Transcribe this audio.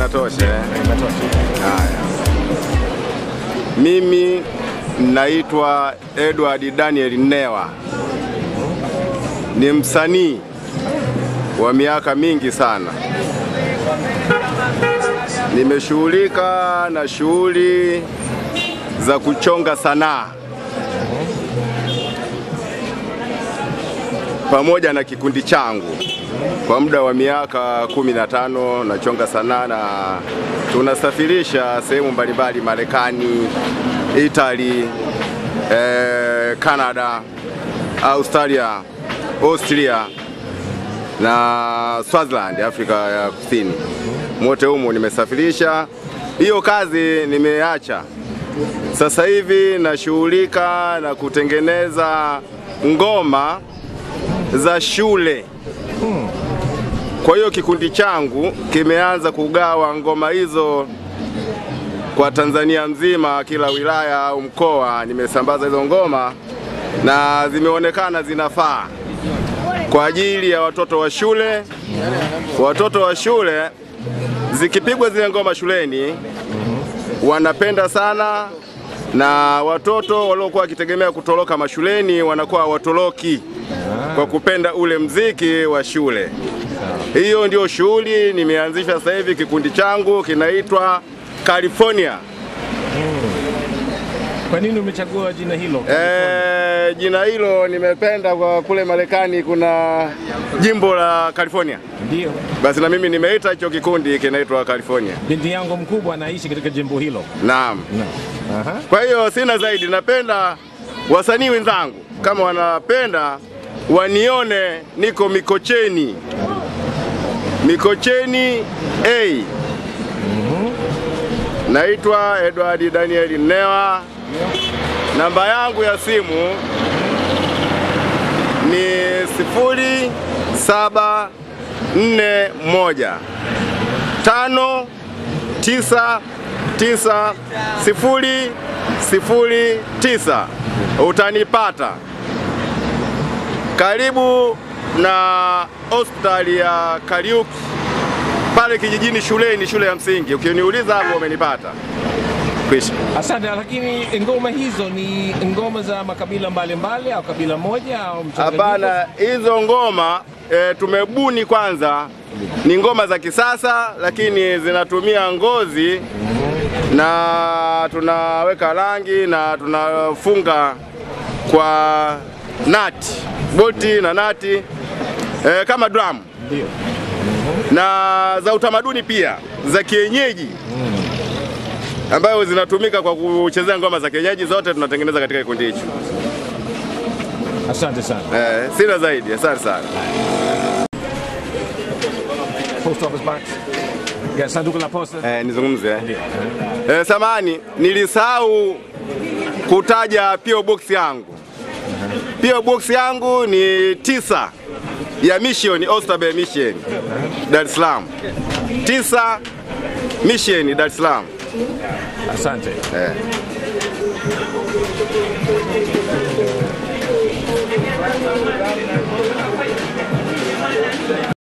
inatosha eh? eh Haya, mimi naitwa Edward Daniel Newa, ni msanii wa miaka mingi sana. Nimeshughulika na shughuli za kuchonga sanaa pamoja na kikundi changu kwa muda wa miaka kumi na tano nachonga sanaa na tunasafirisha sehemu mbalimbali Marekani, Itali, eh, Canada, Australia, Austria na Swaziland, Afrika ya Kusini. Mote humo nimesafirisha. Hiyo kazi nimeacha. Sasa hivi nashughulika na kutengeneza ngoma za shule hmm. Kwa hiyo kikundi changu kimeanza kugawa ngoma hizo kwa Tanzania mzima, kila wilaya au mkoa nimesambaza hizo ngoma na zimeonekana zinafaa kwa ajili ya watoto wa shule. Watoto wa shule zikipigwa zile ngoma shuleni wanapenda sana, na watoto waliokuwa wakitegemea kutoroka mashuleni wanakuwa watoroki kwa kupenda ule mziki wa shule. Hiyo ndio shughuli nimeanzisha sasa hivi. Kikundi changu kinaitwa California. Kwa nini umechagua jina hilo? Eh, jina hilo nimependa kwa kule Marekani kuna jimbo la California. Ndio. Basi na mimi nimeita hicho kikundi kinaitwa California. Binti yangu mkubwa anaishi katika jimbo hilo. Naam. Naam. Aha. Kwa hiyo sina zaidi, napenda wasanii wenzangu kama wanapenda wanione niko Mikocheni. Mikocheni A. Naitwa Edward Daniel Newa. Namba yangu ya simu ni sifuri saba nne moja tano tisa tisa sifuri sifuri tisa utanipata karibu na hospitali ya Kariuki pale kijijini shuleni, shule ya msingi. Ukiniuliza hapo umenipata kwisha. Asante. Lakini ngoma hizo ni ngoma za makabila mbalimbali mbali, au kabila moja au mchanganyiko? Hapana, hizo ngoma e, tumebuni kwanza ni ngoma za kisasa, lakini zinatumia ngozi na tunaweka rangi na tunafunga kwa nati boti na nati e, kama drum ndio, na za utamaduni pia za kienyeji ambayo zinatumika kwa kuchezea ngoma za kienyeji zote tunatengeneza katika kikundi hicho. Asante sana. Eh, sina zaidi. Asante sana. Post office box. Ya sanduku la posta. Eh, nizungumze. Eh, eh samani, nilisahau kutaja PO box yangu. P.O. Box yangu ni tisa ya Mission Bay Mission Dar es Salaam, tisa Mission Dar es Salaam. Asante eh. Yeah.